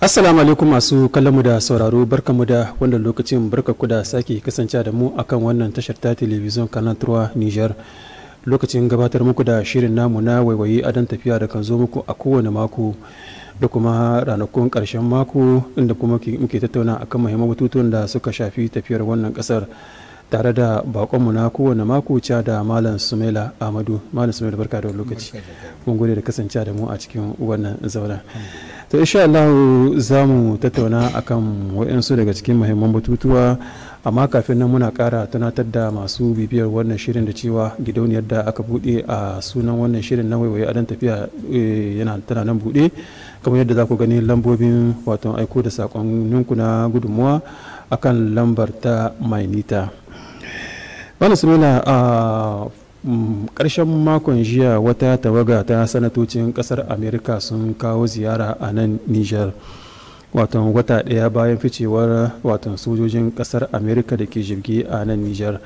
Assalamu alaikum masu kallonmu da sauraro barkamu da wannan lokacin barkaku da sake kasance da mu akan wannan tashar ta telebijin kanal turwa Niger. Lokacin gabatar muku da shirin namu na waiwaye dan tafiya da kan zo muku a kowane mako da kuma ranakun karshen mako inda kuma muke tattauna akan muhimman batutuwan da suka shafi tafiyar wannan kasar. tare da bakonmu na kowane mako cewa da malam sumaila amadu malam sumaila barka da lokaci mun gode da kasancewa da mu a cikin wannan zauna to insha Allah za mu tattauna akan wa'insu daga cikin mahimman batutuwa amma kafin nan muna kara tunatar da masu bibiyar wannan shirin da cewa gidauniyar da aka bude a sunan wannan shirin na waiwaye adon tafiya eh, yana tana nan bude kamar yadda za ku gani lambobin wato aiko da sakonninku na gudunmuwa akan lambar ta mainita wani a mm, ƙarshen makon jiya wata tawaga ta sanatocin kasar amerika sun kawo ziyara a nan niger watan wata ɗaya bayan ficewar watan sojojin ƙasar amerika da ke jirgi a nan niger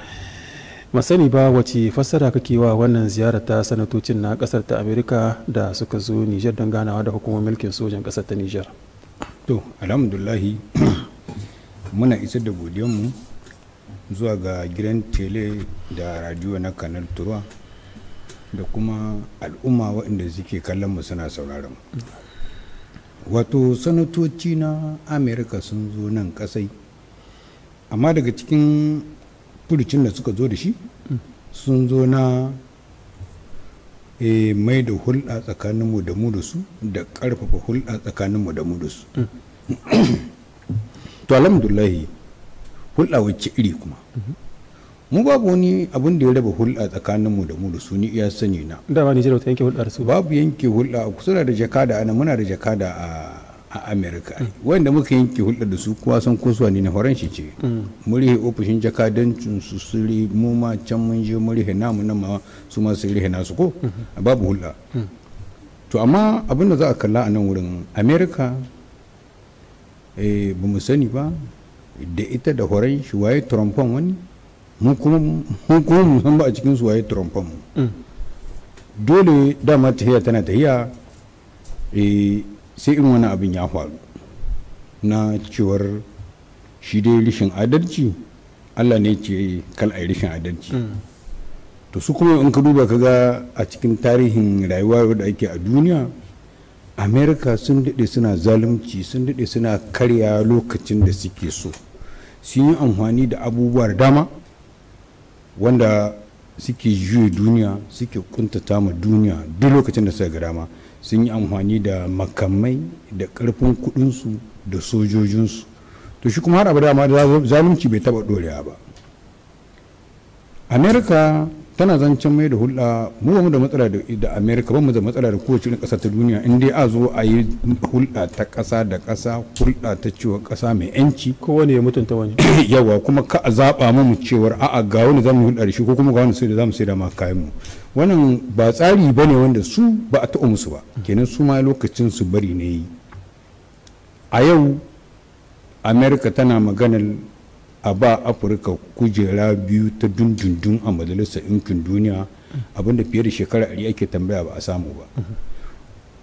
masani ba wace fassara kake wa wannan ziyara ta sanatocin na ƙasar ta amerika da suka zo niger don ganawa da hukumar mulkin sojan kasar ta niger to alhamdulahi muna isar da godiyanmu zuwa ga gidan tele da radio na kanal turwa da kuma al'umma waɗanda suke kallon mu suna sauraron wato sanatoci na amerika sun zo nan kasai amma daga cikin furucin da suka zo da shi sun zo na e, mai da hulɗa tsakaninmu da mu da su da ƙarfafa hulɗa tsakaninmu da mu da su to alhamdulahi hulɗa wacce iri kuma mu babu wani abin da ya raba hulɗa tsakanin da mu da su iya sani na da ba Nijar ta yanke hulɗa da su babu yanke hulɗa a kusa da jakada ana muna da jakada a Amerika wanda muka yanke hulɗa da su kuwa san kosuwa ne na faranshi ce mm. mu rihe ofishin jakadancin su su mu ma can mun je mu namu nan ma su ma su rihe nasu ko mm-hmm. babu hulɗa mm. to amma abin da za a kalla a nan wurin Amerika eh, ba mu sani ba da ita da horon shi waye trompon wani mun ba a cikin su waye trompon mu mm. dole dama tahiya tana tahiya eh, sai in wani abin ya faru na cewar shi dai rishin adalci allah ne ce kal a rishin adalci mm. to su kuma in ka duba kaga a cikin tarihin rayuwa da ake a duniya amerika sun daɗe suna zalunci sun daɗe suna karya lokacin da suke so sun yi amfani da abubuwar dama wanda suke juye duniya suke kuntata ma duniya duk lokacin da suka ga dama sun yi amfani da makamai da ƙarfin kuɗinsu da sojojinsu to shi kuma har abada ma zalunci bai taɓa ɗorewa ba amerika tana zancen mai da hulɗa mu ba mu da matsala da amerika ba mu da matsala da kowace irin ƙasa ta duniya in dai a zo a yi hulɗa ta ƙasa da ƙasa hulɗa ta cewa ƙasa mai yanci wani ya mutunta wani yawa kuma ka a zaɓa mu mu cewar a'a ga wani za mu hulɗa da shi ko kuma ga wani sai da za mu sai da ma kayan mu wannan ba tsari ba ne wanda su ba a taɓa musu ba kenan su ma lokacin su bari ne yi a yau amerika tana maganar a ba afirka kujera biyu ta dundundun a majalisar ɗinkin duniya abinda fiye da shekara ɗari ake tambaya ba a samu ba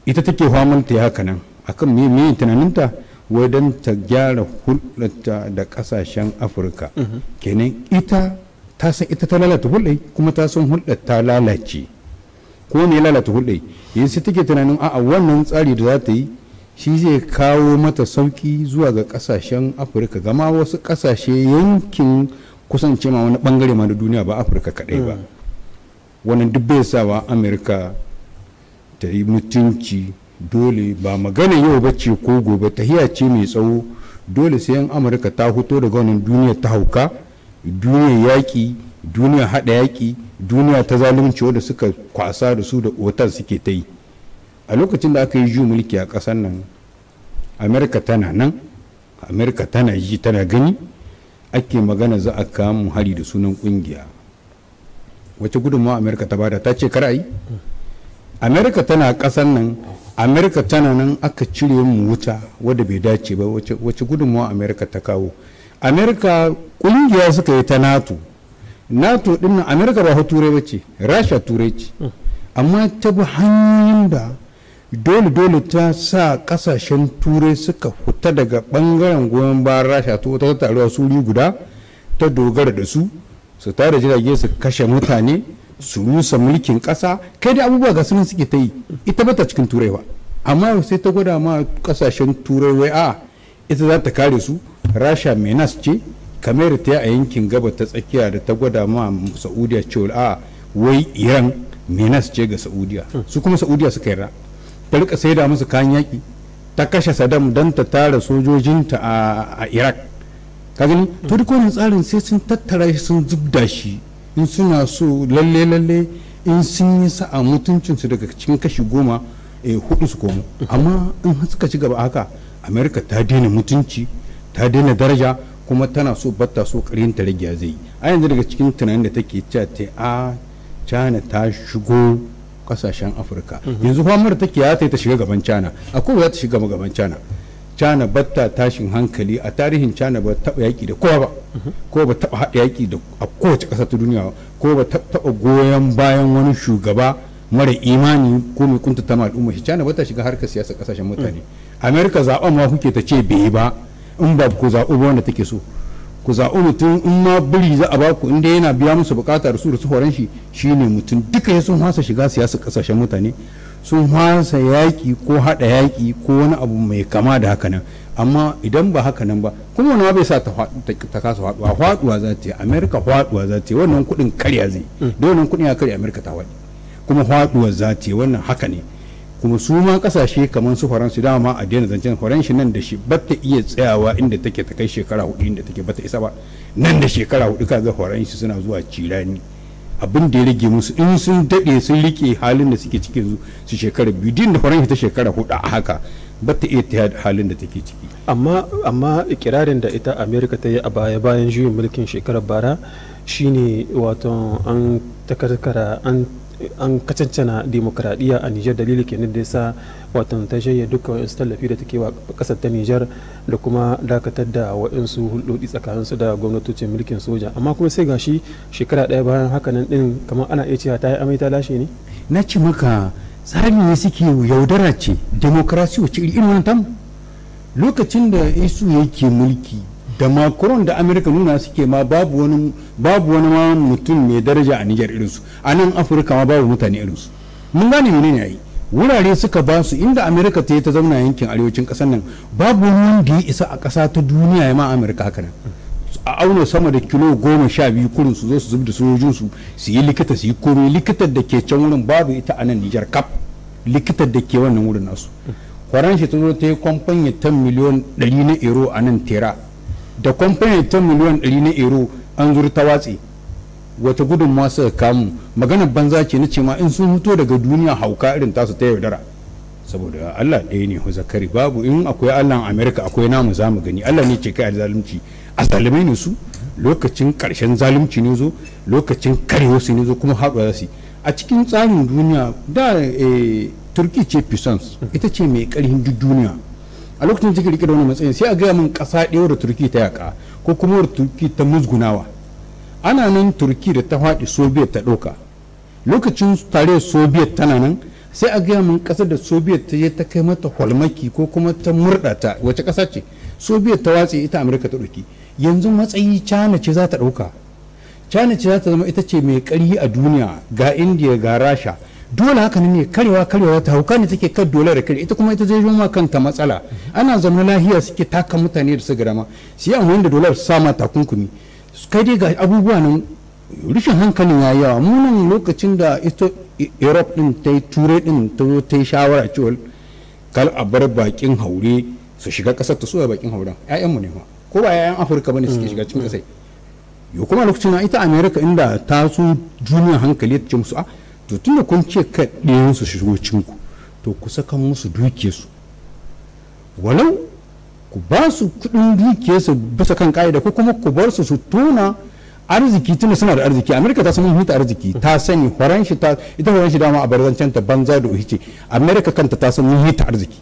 ita take famanta ya haka nan akan me tunaninta wajen ta gyara hulɗarta da ƙasashen afirka kenan ita ta san ita ta lalata hulɗai kuma ta san hulɗar ta lalace ko ne lalata hulɗai yanzu take tunanin a'a wannan tsari da za ta yi shi zai kawo mata sauki zuwa ga kasashen afirka gama wasu kasashe yankin kusancewa ma wani bangare ma na duniya ba afirka kadai ba mm. wannan duk bai sawa amerika ta yi mutunci dole ba magana yau ba ce ko gobe tahiya ce mai tsawo dole sai yan amurka ta fito daga wannan duniya ta hauka duniya yaƙi duniya haɗa yaƙi duniya ta zalunci wadda suka kwasa da su da otal suke ta yi a lokacin da aka yi ju mulki a ƙasar nan amerika tana nan amerika tana yi tana gani ake magana za a kamu hari da sunan kungiya wace gudunmawa amerika ta bada ta ce kar amerika tana kasan nan amerika tana nan aka cire mu wuta wadda bai dace ba wace gudunmawa amerika ta kawo amerika kungiya suka yi ta nato nato ɗin nan amerika ba turai ba ce rasha turai ce mm. amma ta bi hanyoyin da dole-dole ta sa kasashen turai suka fita daga bangaren goyon bayan rasha ta wata taruwa suri guda ta dogara da su su tare jirage su kashe mutane su rusa mulkin kasa kai da abubuwa ga sunan suke ta yi ita bata cikin turai ba amma sai ta gwada ma kasashen turai wai a ita za ta kare su rasha menas ce kamar ta a yankin gaba ta tsakiya da ta gwada ma saudiya cewa a wai iran menas ce ga saudiya hmm. su kuma saudiya suka yi ta rika saida musu kayan yaki ta kashe saddam don ta tara sojojinta a iraq ka gani tsarin sai sun tattara shi sun zubda shi in suna so lalle lalle in sun yi sa'a mutuncinsu daga cikin kashi goma eh, hudu su komo amma in suka ci gaba haka america ta daina mutunci ta daina daraja kuma tana so batta so karin ta rage zai a yanzu daga cikin tunanin da take cewa a ah, china ta shigo kasashen afirka yanzu kwamar take ya ta shiga gaban cana a kowa ta shiga gaban cana cana batta tashin hankali a tarihin cana ba taba yaki da kowa ba ko ba taba haɗa yaki da a kowace kasa ta duniya ko ba taba goyon bayan wani shugaba mara imani ko mai ta al'umma shi cana bata shiga harkar siyasa ƙasashen mutane america zaɓen ma kuke ta ce bai ba in ba ku zaɓo ba wanda take so ku zaɓi mutum in ma biri za a baku inda yana biya musu bukatar su da tsoron shi shine mutum duka sun hasa shiga siyasa kasashen mutane sun hasa yaƙi ko haɗa yaƙi ko wani abu mai kama da haka nan amma idan ba haka nan ba kuma wani bai sa ta kasa haɗuwa haɗuwa za ta yi amerika haɗuwa za ta yi wannan kuɗin karya zai mm. da wannan kuɗin ya karya amerika ta haɗu. kuma haɗuwa za ta yi wannan haka ne kuma su ma kasashe kamar su faransu dama a daina zancen faranshi nan da shi bata iya tsayawa inda take ta kai shekara hudu inda take bata isa ba nan da shekara hudu kaga faranshi suna zuwa cirani abin da ya rage musu in sun daɗe sun rike halin da suke cikin su shekara biyu din da faranshi ta shekara hudu a haka ba ta iya ta halin da take ciki amma amma ikirarin da ita america ta yi a baya bayan juyin mulkin shekarar bara shine wato an takarkara an an kacancana demokradiyya a Nijar dalili kenan da ya sa watan ta shayya duka wa'insu tallafi da take wa kasar ta Nijar da kuma dakatar da wa'insu hulɗoɗi tsakaninsu da gwamnatocin mulkin soja amma kuma sai gashi shekara ɗaya bayan hakanan ɗin kamar ana iya cewa ta yi amai ta lashe ne na ce maka tsarin ne suke yaudara ce demokrasiyo ce irin tam lokacin da isu yake mulki da macron da amerika nuna suke ma babu wani ma mutum mai daraja a nijar irinsu a nan afirka ma babu mutane irinsu mun gane menene yayi wurare suka ba su inda amerika ta yi ta zauna yankin arewacin kasar nan babu wani wanda ya isa a kasa ta duniya ya ma amerika haka nan a auna sama da kilo goma sha biyu kurin su zo su zub da sojojin su su yi likita su yi komai likitar da ke can wurin babu ita a nan nijar kap likitar da ke wannan wurin nasu faranshi ta zo ta yi kwamfanya ta miliyon 100 na ero a nan tera da kwamfanin ta miliyan 100 na ero an zurta ta watse wata gudun masu kamu magana banza ce na cewa in sun fito daga duniya hauka irin tasu ta yaudara saboda Allah ɗaya ne zakari babu in akwai Allah Amerika akwai namu za gani Allah ne ce kai zalunci a zalimai ne su lokacin karshen zalunci ne zo lokacin karewa su ne zo kuma haɗuwa su a cikin tsarin duniya da eh, turki ce puissance ita ce mai karhin duk duniya a lokacin cikin rike da wani matsayin sai a gaya min kasa ɗaya da turki ta yaƙa ko kuma turki ta musgunawa ana nan turki da ta faɗi soviet ta ɗauka lokacin tare soviet tana nan sai a gaya min ƙasar da soviet ta je ta kai mata holmaki ko kuma ta murɗa ta wace ƙasa ce soviet ta watse ita amurka ta ɗauki yanzu matsayi cana ce za ta ɗauka cana ce za ta zama ita ce mai ƙari a duniya ga india ga rasha dole haka ne karewa karewa ta hauka ne take kan dole da kare ita kuma ita zai zama kanta matsala ana zama lahiya suke taka mutane da su girma su yi amfani da dole su sama takunkumi kai dai ga abubuwa nan rashin hankalin ya yawa munan lokacin da ita europe din ta yi turai din ta zo ta yi shawara cewa kal a bar bakin haure su shiga kasar ta suwa bakin hauren ƴaƴanmu ne ma ko ba ya'yan afirka bane suke shiga cikin kasai mm. yo kuma lokacin ita america inda ta su duniya hankali ta ce musu a ah, to tunda kun ce ka ɗayan su shigo cinku to ku saka musu su walau ku ba su kuɗin su bisa kan ƙa'ida ko kuma ku bar su su tona arziki tunda suna da arziki amerika ta san hita arziki ta sani horon shi ta ita horon shi dama a barzancen ta banza da uhice amerika kanta ta san hita arziki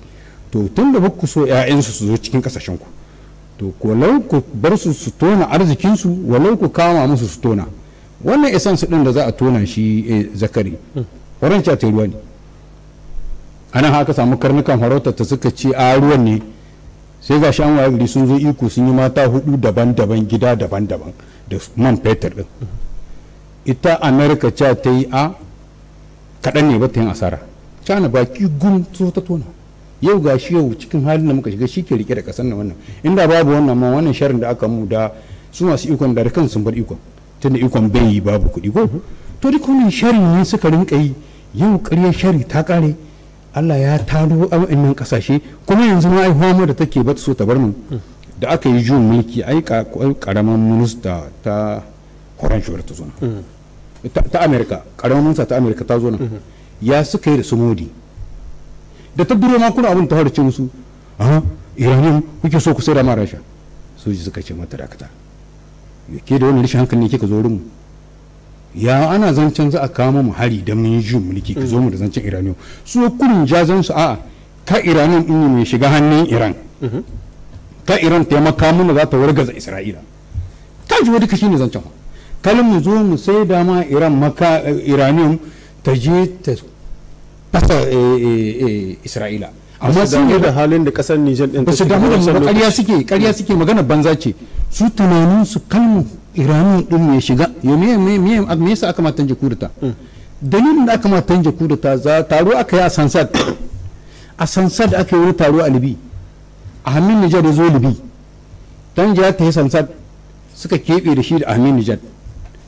to tunda ba ku so ƴaƴansu su zo cikin kasashen ku to walau ku bar su su tona arzikinsu walau ku kama musu su tona wannan essence din da za a tona shi eh, zakari horon ta ruwa ne anan haka samu karnukan farautar ta suka ce a ruwan ne sai ga shan waye sun zo iko sun yi mata hudu daban-daban gida daban-daban da man fetur din ita america ca ta yi a kaɗan ne ba yin asara cana baki gum su ta tona yau ga shi yau cikin halin da muka shiga shi ke rike da ƙasar na wannan inda babu wannan ma wannan sharin da aka mu da su masu ikon da kan sun bar ikon tun da ikon bai yi babu kuɗi ko to duk wannan shari ne suka rinka yi yau ƙarya shari ta ƙare Allah ya taro a wa'annan ƙasashe kuma yanzu ma ai da take ba ta so ta bar mu da aka yi jun mulki ai karaman minista ta horon shuwar ta zo mm. ta amerika karamin minista ta amerika ta zo mm-hmm. ya suka yi da su modi da ta duro ma kuna abin ta harce musu a iranin kuke so ku sai da marasha soji suka ce mata dakata ke da wani rashin hankali ne ka zo mu ya ana zancen za a kama mu hari da mun yi jin mulki ka zo mu da zancen iraniyo su kurin jazan su a'a ka iraniyan din ne shiga hannun iran ta iran taimaka mana za ta wargaza isra'ila ta ji wani kashi ne zancen kalin mu zo mu sai da ma iran maka eh, iraniyan ta je ta fasa eh, eh, isra'ila amma sun yi da halin da kasar nijar din ta su damu da mu suke karya suke magana banza ce su tunanin su kalmu iranian din ya shiga ya me yasa aka matan jakurta mm. dalilin da aka matan jakurta za taro aka yi a sansad a sansad aka yi wani taro a libi a hannun nijar ya zo libi tanja ta yi sansad suka keɓe da shi da amin nijar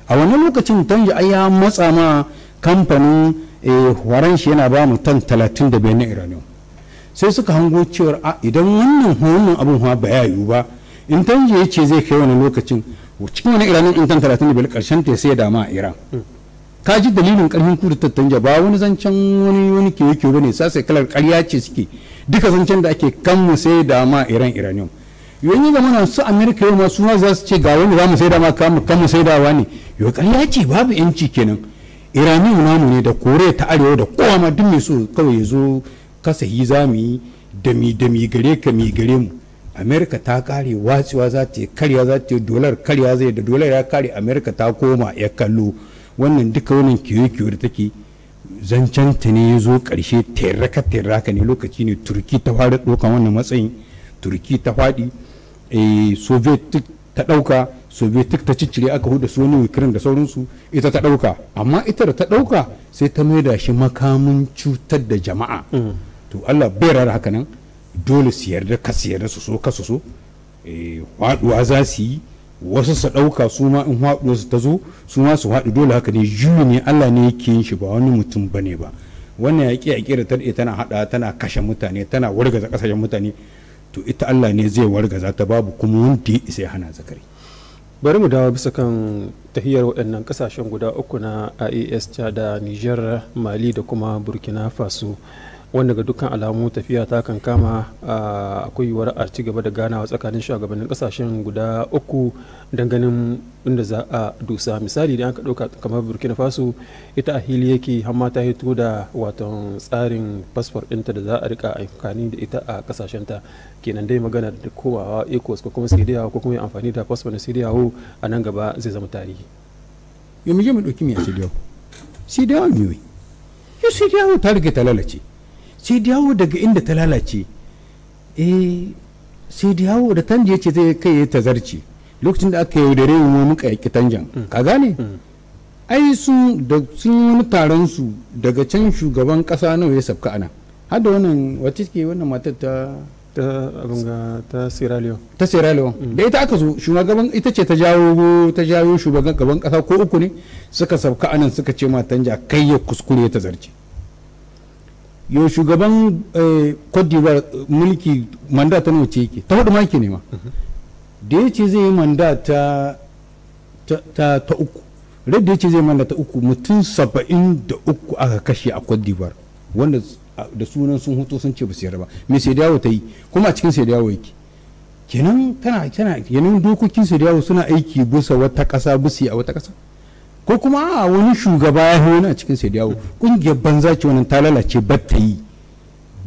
a wannan lokacin tanja ai ya matsa ma kamfanin waran eh, shi yana ba mu tan talatin da biyar na iranian sai suka hango cewar a idan wannan wannan abin ba ya yiwu ba in tanji ya ce zai kai wani lokacin cikin wani iranin in tan talatin da karshen ta sai dama a iran ka ji dalilin karfin kudu tattanja ba wani zancen wani wani ke yake ne sa sai kalar karya ce suke duka zancen da ake kanmu sai dama iran iranium yanzu ga mana su amerika yau masu ma za su ce ga wani za mu sai dama kanmu mu sai dawa ne yau karya ce babu yanci kenan iranium namu ne da kore ta arewa da kowa ma duk mai so kawai ya zo kasa yi za mu yi da mi gare ka mi gare mu amerika ta kare watsewa za ta yi karya za ta yi dolar karya zai da dolar ya kare amerika ta koma ya kallo wannan duka wannan kiyo-kiyo da take zancen ta ne ya zo karshe terraka terraka ne lokaci ne turki ta fara ɗaukan wannan matsayin turki ta faɗi eh, soviet ta ɗauka soviet ta ciccire aka huda su wani ukraine da sauransu ita ta ɗauka amma ita da ta ɗauka sai ta maida shi makamin cutar da jama'a mm. to allah bai rara haka nan dole su yarda ka su yarda su so ka su so haɗuwa eh, za su yi wasu su ɗauka su ma in haɗuwa su ta zo su ma su haɗu dole haka ne juyi ne Allah ne yake yin shi ba wani mutum ba ne ba wannan yaƙi yaƙi da tana haɗa tana kashe mutane tana wargaza ƙasashen mutane to ita Allah ne zai wargaza ta babu kuma wanda ya isa ya hana zakari bari mu dawo bisa kan tahiyar waɗannan ƙasashen guda uku na ies da niger mali da kuma burkina faso wanda ga dukkan alamu tafiya ta kan kama akwai yiwuwar a ci gaba da ganawa tsakanin shugabannin kasashen guda uku ganin inda za a dusa misali da aka ɗauka kamar burkina faso ita a hili yake hamma ta hito da watan tsarin fasfor ɗinta da za a rika amfani da ita a kasashen ta kenan dai magana da kowawa ecos ko kuma sidiyawo ko kuma amfani da fasfor na sidiyawo a nan gaba zai zama tarihi yau mu je mu ɗauki mai sidiyawo sidiyawo ne yau sidiyawo ta rike ta lalace sai dawo daga inda ta lalace eh sai dawo da tanje ce zai kai ya tazarci lokacin da aka yaudare mu muka yaki tanjan mm. ka gane mm. ai su da sun yi wani taron su daga can shugaban kasa nawa ya sabka ana har da wannan wacce ke wannan matar ta ta abunga ta sierra leone ta sierra leone mm. da ita aka zo shugaban ita ce ta jawo ta jawo shugaban gaban kasa ko uku ne suka sabka anan suka ce ma tanja kai ya kuskure ta zarce yau shugaban eh, cote eh, mulki manda ta wace yake ta hudu maki ne ma da ya ce zai yi manda ta uku red da ya ce zai manda ta uku mutum saba'in da uku aka kashe a cote wanda da sunan sun hoto sun ce ba su ba me sai dawo ta yi kuma a cikin sai dawo yake kenan tana tana kenan dokokin sai dawo suna aiki bisa wata kasa bisa a wata kasa ko kuma a wani shugaba ya wani a cikin sai dawo kungiyar banza ce wannan ta lalace ba ta yi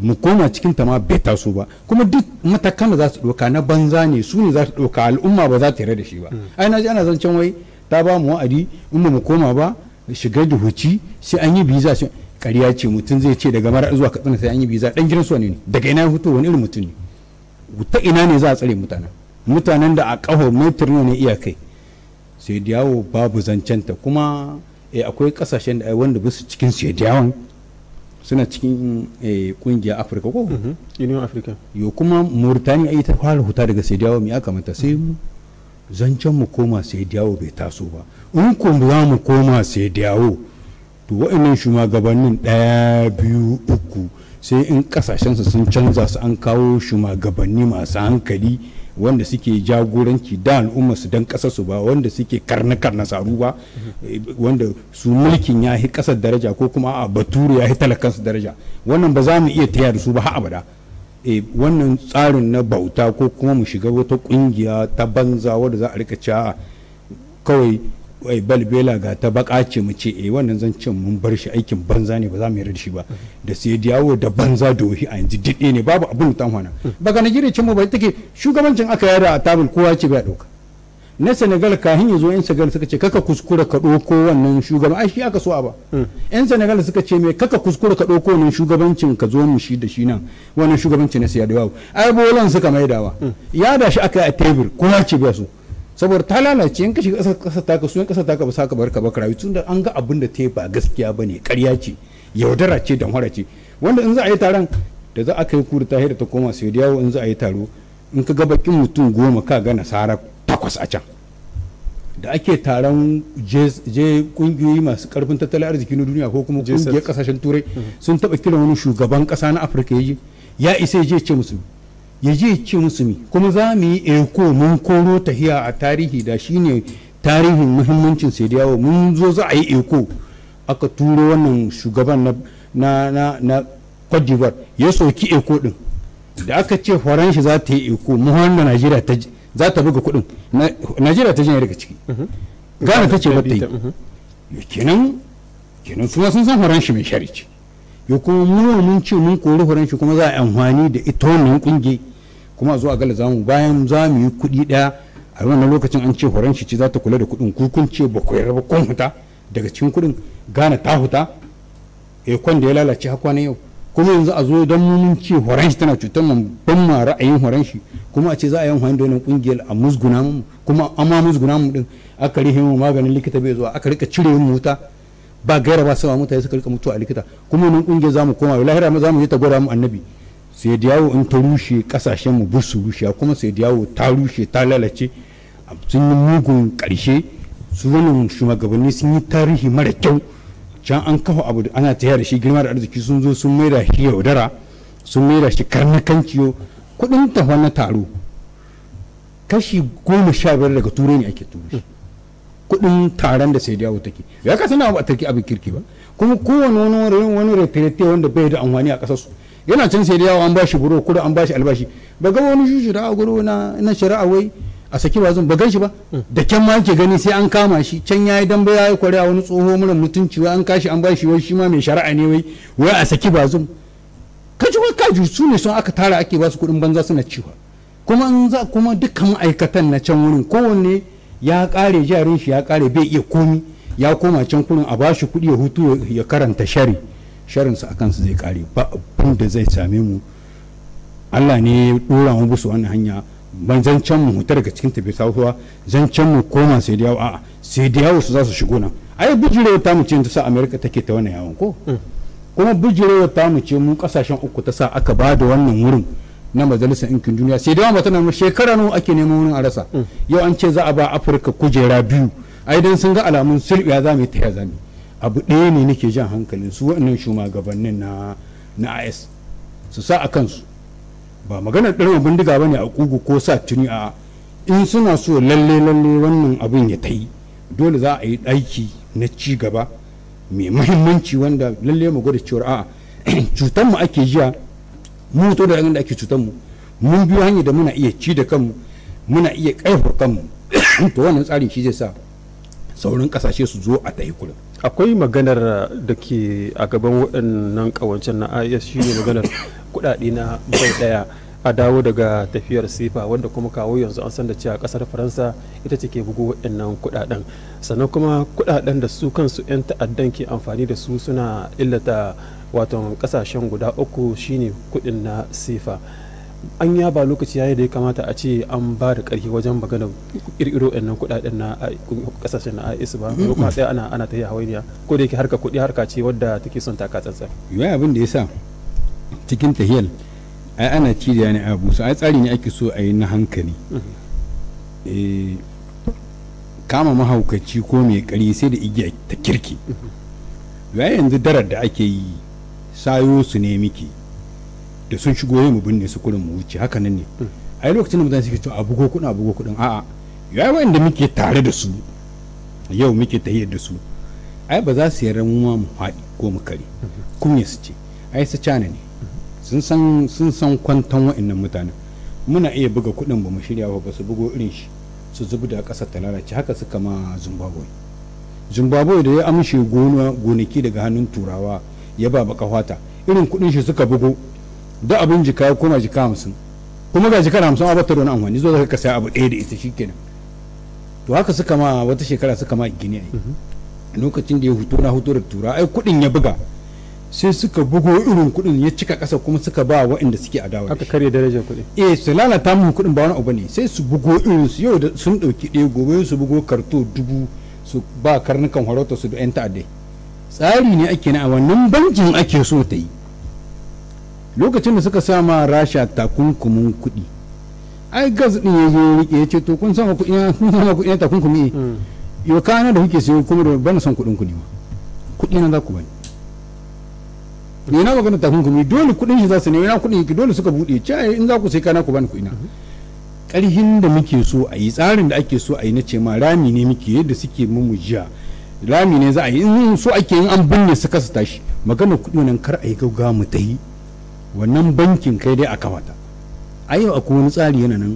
mu koma cikin ta ma bai taso ba kuma duk matakan da za su doka na banza ne su ne za su doka al'umma ba za ta yarda da shi ba hmm. ai na ji ana zancen wai ta ba mu wa'adi in ba mu koma ba shigar da huci sai an yi biza sai ƙarya ce mutum zai ce daga mara zuwa katsina sai an yi biza dan gidan su ne daga ina fito wani irin mutum ne ta ina ne za a tsare mutanen mutanen da a ƙaho metir ne iyakai sai yawo babu zancenta kuma eh, akwai kasashen da wanda su cikin sai yawon suna cikin kungiyar eh, afirka ko mm-hmm. union africa yo kuma mauritania ita fara huta daga sai yawo mai aka manta sai zancen mu koma sai yawo bai taso ba in ko za mu koma sai yawo to wa'annan shugabannin ɗaya biyu uku sai in kasashensu sun canza su an kawo shugabanni masu hankali wanda suke jagoranci da al'umma su dan kasar su ba wanda suke karna karna saru ba eh, wanda su mulkin ya yi kasar daraja ko kuma a baturu ya yi talakan daraja wannan ba za mu iya taya da su ba har e wannan tsarin na bauta ko kuma mu shiga wata kungiya ta banza wadda za a rika cewa kawai wai balbela ga ta baka ce mu ce eh wannan zancen mun bar shi aikin banza ne ba za mu yarda shi ba da sai yawo da banza da wahi a yanzu didi ne babu abin tan hana baka Najeriya cin mu ba take shugabancin aka yada a tabul kowa ce ba dauka na Senegal kahin ya zo yan Senegal suka ce kaka kuskura ka ɗauko wannan shugaban ai shi aka so a ba yan Senegal suka ce me kaka kuskura ka ɗauko wannan shugabancin ka zo mu shi da shi nan wannan shugabancin na siya da yawo ai bolan suka maidawa yada shi aka yi a tebur kowa ce ba so saboda ta lalace in ka shiga ƙasar ƙasar su yan ƙasar ka ba sa ka bar ka ba rayu tunda an ga abin da ta ba gaskiya ba ne karya ce yaudara ce da ce wanda in za a yi taron da za a kai kuri ta da ta koma sai da in za a yi taro in ka ga bakin mutum goma ka ga nasara takwas a can da ake taron je kungiyoyi masu karfin tattalin arziki na duniya ko kuma kungiyar kasashen turai sun taba kiran wani shugaban kasa na afirka ya isa je ce musu ya je ce musu mi kuma za mu yi eko mun koro tahiya a tarihi da shine tarihin muhimmancin sai da yawo mun zo za a yi eko aka turo wannan shugaban na na na na d'Ivoire ya soki eko din da aka ce horon shi za ta yi eko mu na Najeriya ta za ta buga kudin Najeriya ta janye daga ciki mhm. Ghana ta ce ba ta yi mhm. kenan kenan suna sun san horon shi mai sharici ya kuma mun ce mun kori horon shi kuma za a yi amfani da ita wannan kungiyar kuma zuwa ga zamu bayan za mu yi kuɗi ɗaya a wannan lokacin an ce horon shi ce za ta kula da kuɗin kukun ce ba ku yarda kun huta daga cikin kuɗin gana ta huta eh kwan da ya lalace haka na yau kuma yanzu a zo don mun ce horon shi tana cutar mu ban ma ra'ayin horon shi kuma a ce za a yi amfani da wannan kungiyar a musguna mu kuma an ma musguna mu din aka rihe mu maganin likita bai zuwa aka rika cire mu wuta ba gaira ba sama mutane suka rika mutuwa a likita kuma wannan kungiyar za mu koma lahira ma za mu yi ta gwada mu annabi sai yawo in ta rushe kasashen mu su rushe kuma sai yawo ta rushe ta lalace sun yi mugun karshe su wannan shugabanni sun yi tarihi mara kyau can an kafa abu da ana tayar da shi girma da arziki sun zo sun maida shi yaudara sun maida shi karnakanciyo kudin tafa na taro kashi goma sha biyar daga turai ne ake turu kudin taron da sai dawo take ya kasa na abu a turki abin kirki ba kuma kowane wani wani wani wanda bai da amfani a kasarsu yana can sai da yawa an ba shi buro kudu an ba shi albashi ba ga wani shi a guru na na shari'a wai a saki ba zan ba gan shi ba da kyan ma yake gani sai an kama shi can yayi dambe ya yi a wani tsoho mura mutunci wai an kashi an ba shi wai shi ma mai shari'a ne wai wai a saki ba zan ka ji wai kaji su ne sun aka tara ake ba su kuɗin banza suna cewa kuma an za kuma dukkan ma'aikatan na can wurin kowanne ya kare jarin shi ya kare bai iya komi ya koma can kurin a bashi kuɗi ya hutu ya karanta shari sharinsu a kansu zai kare ba abin da zai same mu allah ne ya dora mu busu wannan hanya ban zancen mu hutar ga cikin tafi sauwa zancen mu koma sai da yawo a'a sai da yawo su za su shigo nan ai bijirewa ta mu ce ta sa america take ta wani yawon ko mm. kuma bijirewa ta mu ce mu kasashen uku ta sa aka ba da wannan wurin na majalisar ɗinkin duniya sai da mata nan shekara nawa ake neman wurin a rasa mm. yau an ce za a ba afirka kujera biyu ai dan sun ga alamun sulbiya za mu yi ta ya abu ɗaya ne nake jan hankalin su waɗannan shugabannin na na is su sa a kansu ba maganar ɗarma bindiga ba ne a kugu ko sa tuni a in suna so lalle lalle wannan abin ya ta dole za a yi aiki na ci gaba mai mahimmanci wanda lalle mu gwada cewar a'a cutar mu ake jiya mu to da da ake cutar mu mun biyo hanyar da muna iya ci da kanmu muna iya ƙarfafa kanmu to wannan tsarin shi zai sa sauran kasashe su zo a tahi kullum akwai maganar da ke a gaban waɗannan ƙawancen na is shi ne maganar kuɗaɗe na bai ɗaya a dawo daga tafiyar sifa wadda kuma kawo yanzu an san da cewa kasar faransa ita ce ke bugu waɗannan kuɗaɗen sannan kuma kuɗaɗen da su kansu 'yan ta'addan ke amfani da su suna illata wato ƙasashen guda uku shine kuɗin na sifa an ya ba lokaci yayi da ya kamata a ce an ba da ƙarfi wajen maganar ƙirƙiro ɗannan kuɗaɗen na ƙasashen na AIS ba lokacin mm-hmm. sai ana ana ta yi hawainiya ko da yake harka kuɗi harka ce wadda take son taka tsantsan yoyi abin da ya sa cikin tahiyal ai ana cidiya ne abu su ai tsari ne ake so a yi na hankali mm-hmm. eh, kama mahaukaci ko mai kari sai da igiya ta kirki ya mm-hmm. yanzu darar da ake yi sayo su ne miki da sun shigo yi mu binne su kurin mu wuce haka nan ne a lokacin da mutane suke cewa a bugo kuɗin a bugo kuɗin a'a wanda muke tare da su yau muke tahiyar da su ai ba za su yi ramuwa mu haɗi ko mu kare kunya su ce ai su cana ne sun san sun san kwantan wa'annan mutane muna iya buga kuɗin ba mu shirya ba su bugo irin shi su zubu da ƙasar ta lalace haka suka ma zimbabwe zimbabwe da ya amshe gonaki daga hannun turawa ya ba baka fata irin kuɗin shi suka bugo da abin jika kuma jika hamsin kuma ga jika hamsin a bata wani amfani zo zaka kasa abu ɗaya da ita kenan to haka suka ma wata shekara suka ma gini ai mhm. lokacin da ya hutu na hutu da tura ai kuɗin ya buga sai suka bugo irin kuɗin ya cika ƙasa kuma suka ba waɗanda suke a adawa aka karya darajar kuɗi eh su lalata mu kuɗin ba wani abu ne sai su bugo irin su yau da sun ɗauki ɗaya gobe su bugo karto dubu su ba karnukan horota su da 'yan ta'addai tsari ne ake na a wannan bankin ake so ta yi lokacin da suka sa ma rasha takunkumin kuɗi ai gas din ya zo rike ya ce to kun sama kuɗi kun sama kuɗi takunkumi hmm. yo kana da kuke sayo kuma da bana son kuɗin ku ne kuɗi na za ku bani ne na magana takunkumi dole kuɗin shi za su ne na kuɗin ki dole suka buɗe ce in za ku sai kana ku bani kuɗi na hmm. ƙarhin da muke so a yi tsarin da ake so a yi na ce ma rami ne muke yadda suke mu jiya rami ne za a yi in so ake yin an binne su kasa tashi magana kuɗi nan kar a yi gaggawa mu ta yi wannan bankin kai dai a kamata a yau akwai wani tsari yana nan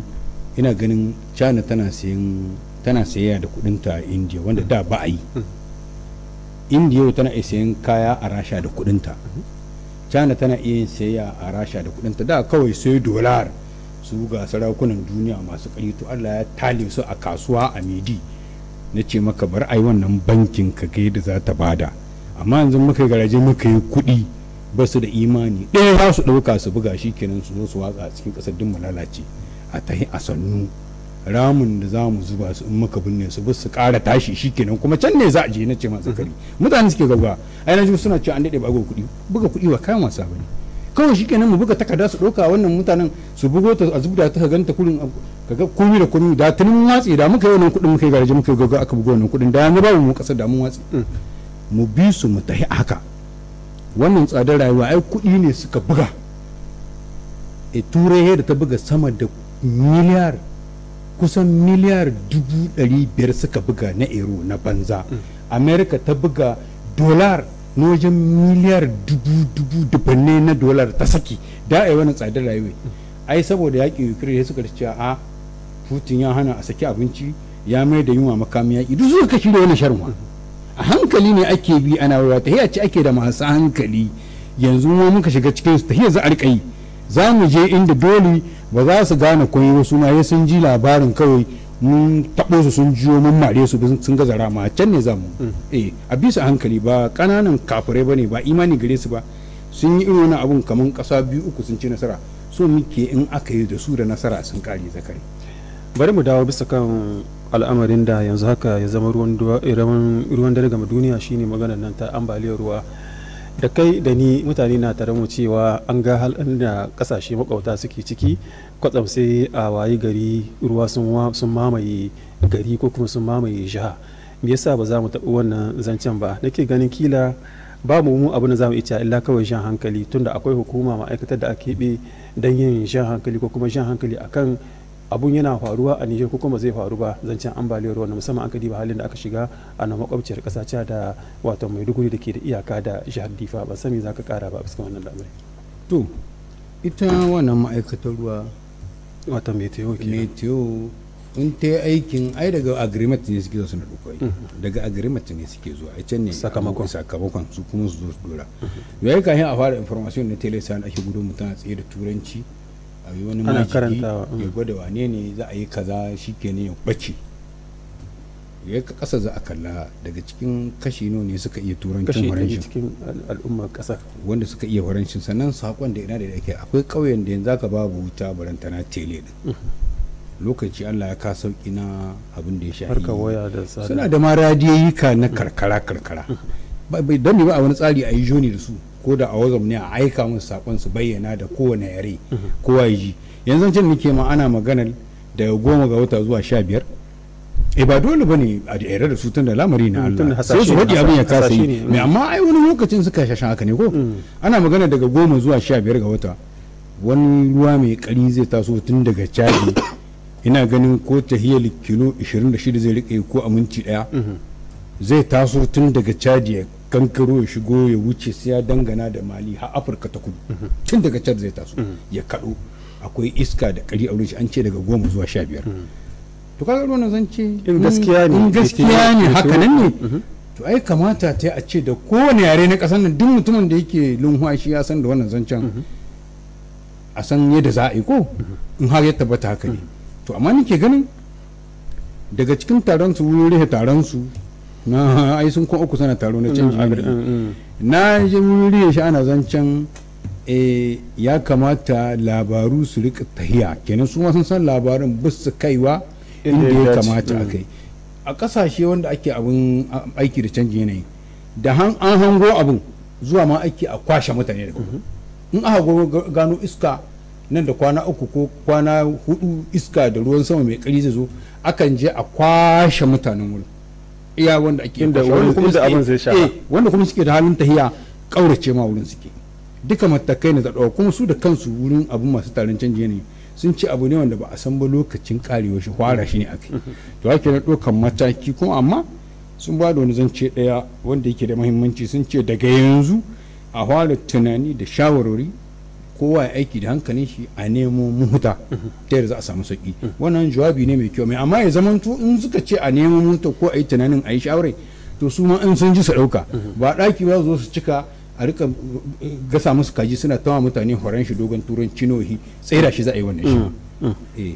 ina ganin china tana sayan tana sayayya da kudinta a india wanda da ba a yi india tana iya sayan kaya a rasha da kudinta china tana iya sayayya a rasha da kudinta da kawai sai dolar su ga sarakunan duniya masu to allah ya tale su a kasuwa a midi na ce maka bar ai wannan bankin ka ga zata za ta bada amma yanzu muka yi garaje muka yi kuɗi ba su da imani ɗaya za su ɗauka su buga shi kenan su zo su watsa a cikin ƙasar din lalace a tahi a sannu ramin da za mu zuba su in muka binne su ba su ƙara tashi shi kenan kuma can ne za a je na ce masu kari mhm. mutane suke gaba a na suna cewa an daɗe ba kuɗi buga kuɗi wa kayan wasa bane kawai shi kenan mu buga takarda su ɗauka wannan mutanen su bugo ta a zubda ta ganta kurin kaga komi da komi da tunin watsi da muka yi wannan kuɗin muka yi garaje muka yi gaba aka buga wannan kuɗin da yanzu babu mu ƙasar da mun watsi mm. mu bi su mu tahi haka wannan tsadar rayuwa ai kuɗi ne suka buga a e, turai da ta buga sama da miliyar kusan miliyar dubu ɗari biyar suka buga na ero na banza mm. amerika ta buga dolar na wajen miliyar dubu dubu dubanne na dolar ta saki da a wani tsadar rayuwa mm. ai saboda yaƙin ukraine suka ce a putin ya hana a saki abinci ya mai da yunwa makami yaƙi duk suka kashi da wani sharma mm. a hankali ne ake bi ana ruwa tahiya ce ake da masu hankali yanzu mu muka shiga cikin su tahiya za a rika za mu je inda dole ba za su gane koyi wasu ma sun ji labarin kawai mun taɓo su sun jiyo mun mare su sun gaza rama can ne za mm. eh a bisa hankali ba kananan kafirai bane ba imani gare su ba sun yi irin wani abun kamar ƙasa biyu uku sun ci nasara so muke in aka yi da su da nasara sun kare zakari bari mu dawo bisa kan al'amarin da yanzu haka ya zama ruwan dare gama duniya shine maganar nan ta ambaliyar ruwa da kai da ni mutane na tare mu cewa an ga halin da kasashe makauta suke ciki kwatsam sai a wayi gari ruwa sun mamaye gari ko kuma sun mamaye jiha me yasa ba za mu taɓa wannan zancen ba nake ganin kila ba mu abin da za mu iya illa kawai jan hankali tunda akwai hukuma ma'aikatar da a keɓe don yin jan hankali ko kuma jan hankali akan abun yana faruwa a Nijar ko kuma zai faru ba zancen ambaliyar ruwa musamman an ka diba halin da aka shiga a nan makwabciyar kasa ca da wato Maiduguri da ke da iyaka da jihar Difa ban sani za ka kara ba a cikin wannan lamari. To ita wannan ma'aikatar ruwa wato meteo ke meteo in ta yi aikin ai daga agreement ne suke zuwa suna dukwai mhm. daga agreement ne suke zuwa a can ne sakamakon sakamakon su kuma su zo su dora mhm. yayin kahin a fara information na tele ake gudu mutum a tsaye da turanci a yi wani majiki mm. ya gwada wane ne za a yi kaza shi ya ɓace ya ka ƙasa za a kalla daga cikin kashi nawa ne suka iya turancin horancin cikin al'umma ƙasa wanda suka iya horancin sannan sakon da ina da yake akwai ƙauyen da yanzu aka babu wuta barantana tele din mm. lokaci Allah ya ka sauki na abin da ya shafi Harka waya da tsari suna da ma radiyoyi ka na karkara karkara mm. ba dan dami ba a wani tsari a yi joni da su ko da a wazam ne a aika musu sakon su bayyana da kowane yare ko ya ji yanzu can nake ma ana magana da goma ga wata zuwa sha biyar e ba dole ba ne a yare da su da lamari na mm, Allah sai su faɗi abin ya kasa yi mai amma ai wani lokacin suka shasha haka ne ko mm. ana magana daga goma zuwa sha biyar ga wata wani ruwa mai kari zai taso tun daga caji ina ganin ko tahiyar kilo 26 zai rike ko a minti daya mm-hmm. zai taso tun daga caji kankaro ya shigo ya wuce sai ya dangana da mali har afirka ta kudu tun daga can zai taso ya kaɗo akwai iska da ƙari a wurin shi an ce daga goma zuwa sha biyar to kaga ruwan zan ce in gaskiya ne in gaskiya ne haka nan ne mm-hmm. to ai kamata ta a ce da kowane yare na ƙasar nan duk mutumin da yake lunhuwa shi ya san da wannan zancen mm-hmm. a san yadda za a yi ko mm-hmm. in har ya tabbata haka ne to amma nake ganin daga cikin taron su wurin taron su na ai sun kuma uku sana taro na canji mm, mm, mm, na ji muryar shi ana zancen eh, ya kamata labaru su rika tahiya kenan su ma sun san labarin ba su kaiwa inda ya kamata a kai a kasashe wanda ake abin aiki da canji yanayi da an hango abin zuwa ma aiki a kwashe mutane da mm-hmm. in aka gano iska nan da kwana uku ko kwana hudu iska da ruwan sama mai kari zai zo akan je a kwashe mutanen wurin iya wanda ake da wani kuma da abin zai eh, wanda kuma suke da halin tahiya kaurace ma wurin suke duka matakai na zaɗawa kuma su da kansu wurin abin masu tarin canji ne sun ci abu ne wanda ba a san ba lokacin karewa shi fara shi ne akai to ake na ɗaukan mataki kuma amma sun ba da wani zance ɗaya wanda yake da muhimmanci sun ce daga yanzu a fara tunani da shawarwari kowa ya aiki da hankalin shi a nemo mota ta yadda za a samu sauki wannan jawabi ne mai kyau mai amma ya zamanto in suka ce a nemo muta ko a yi tunanin a yi shawarai to su ma in sun ji su ɗauka ba ɗaki ba zo su cika a rika eh, gasa musu kaji suna tawa mutane horon shi dogon turanci cinohi tsira shi za a yi wannan shi mm, mm, mm. eh.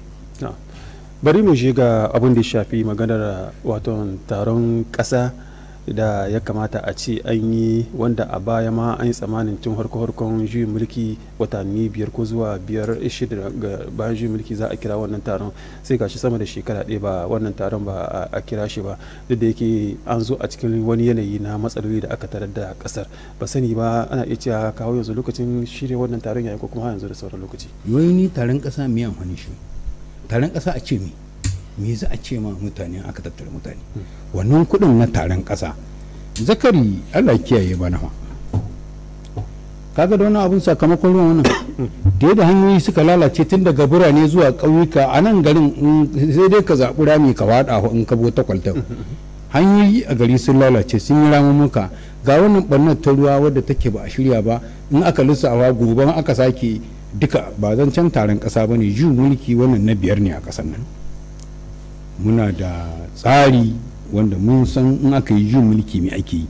bari mu shiga ga abin da shafi maganar wato taron ƙasa da ya kamata a ce an yi wanda a baya ma an yi tsamanin tun harko-harkon juyin mulki watanni biyar ko zuwa biyar shida ga bayan juyin mulki za a kira wannan taron sai gashi sama da shekara ɗaya ba wannan taron ba a kira shi ba duk da yake an zo a cikin wani yanayi na matsaloli da aka tarar da kasar ba sani ba ana iya cewa kawo yanzu lokacin shirya wannan taron yayi ko kuma yanzu da sauran lokaci wani taron kasa miyan hannu shi taron kasa a ce mi me za a ce ma mutane aka tattara mutane wannan kuɗin na taron ƙasa zakari allah kiyaye bana fa kaga da wani abun sakamakon ruwan wannan da yadda hanyoyi suka lalace tun daga birane zuwa ƙauyuka a nan garin sai dai ka zaɓi rami ka waɗa in ka bo kwalta hanyoyi a gari sun lalace sun yi ramumuka ga wannan ɓannar ta ruwa wadda take ba a shirya ba in aka lissawa gobe aka sake duka ba zan can taron ƙasa ba ne ju mulki wannan na biyar ne a ƙasar nan muna da tsari wanda mun san in aka yi jin mulki mai ake yi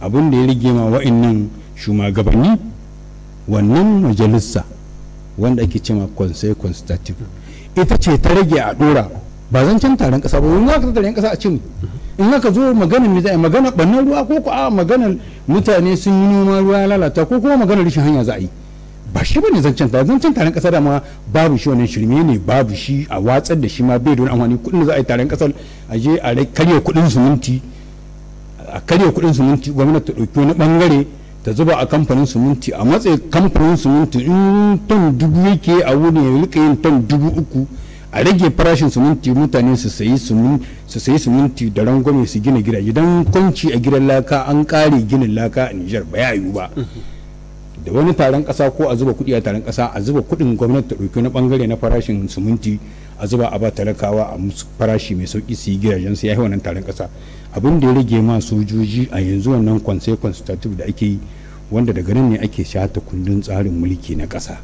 abin ya rage ma wa'annan shugabanni wannan majalisa wanda ake cewa conseil constitutive ita ce ta rage a dora ba zan zancen taron kasa ba wani zaka taron kasa a cin in aka zo maganar me za a magana bannan ruwa ko ko a maganar mutane sun yi noma ruwa lalata ko kuma maganar rashin hanya za a yi ba shi bane zancen ta zancen taron kasa da ma babu shi wannan shirme ne babu shi a watsar da shi ma bai don amfani kudin da za a yi taron kasar a je a karya kudin suminti a karya kudin suminti gwamnati ta dauki wani bangare ta zuba a kamfanin suminti a matsayi kamfanin suminti in ton dubu yake a wuni ya rika yin ton dubu uku a rage farashin suminti mutane su sayi suminti da rangwame su gina gida idan kwanci a gidan laka an kare ginin laka a nijar ba ya yiwu ba da wani taron kasa ko a zuba kudi a taron kasa a zuba kudin gwamnati ta ɗauki na bangare na farashin siminti a zuba a ba talakawa a farashi mai sauki su yi gidajen su yi wannan taron kasa abin da ya rage ma sojoji a yanzu wannan conseil constitutive da ake yi wanda daga nan ne ake shata kundin tsarin mulki na kasa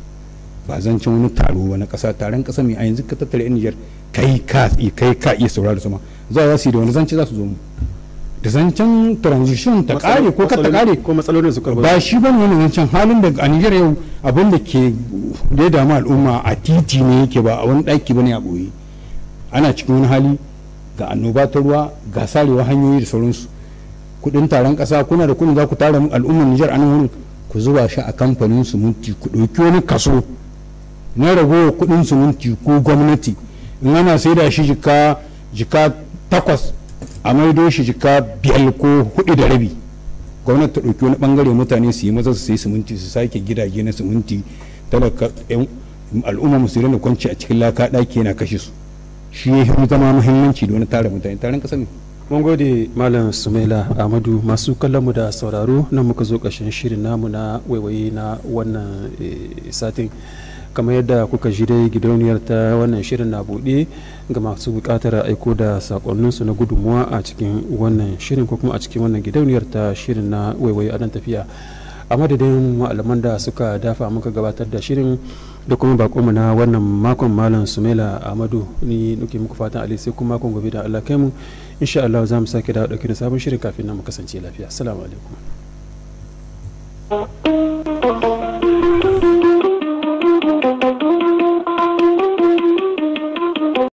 ba zan ci wani taro ba na kasa taron kasa mai a yanzu ka tattara yan nijar kai ka iya saurara sama za su yi da wani zance za su zo mu da zancen transition ta kare ko ka ta kare ko matsalolin su ba shi bane wannan zancen halin da a Niger yau abin da ke da dama al'umma a titi ne yake ba a wani daki bane a boye ana cikin wani hali ga annoba ta ruwa ga sarewa hanyoyi da sauransu kudin taron kasa kuna da kudin za ku tara al'ummar nijar a nan wani ku zuba shi a kamfanin suminti ku ɗauki wani kaso na ragowar kudin suminti ko gwamnati in ana sai da shi jika jika takwas a maido shi jika biyar ko hudu da rabi gwamnati ta ɗauki wani bangare mutane su yi maza su sayi siminti su sake gidaje na siminti talaka al'umma musulmi da kwanci a cikin laka ɗaki yana kashe su shi ya hiru zama muhimmanci da wani tara mutane taron ƙasa ne mun gode malam sumaila amadu masu kallonmu da sauraro nan muka zo ƙarshen shirin namu na waiwaye na wannan eh, satin kamar yadda kuka ji dai gidauniyar ta wannan shirin na buɗe ga masu buƙatar aiko da sakonninsu na gudunmuwa a cikin wannan shirin ko kuma a cikin wannan gidauniyar ta shirin na waiwai a nan tafiya a madadin malaman da suka dafa muka gabatar da shirin da kuma na wannan makon malam sumela amadu ni nuke muku fatan ali sai kuma makon gobe da allah kai mu insha allah za mu sake dawo dauke da sabon shirin kafin nan mu kasance lafiya assalamu alaikum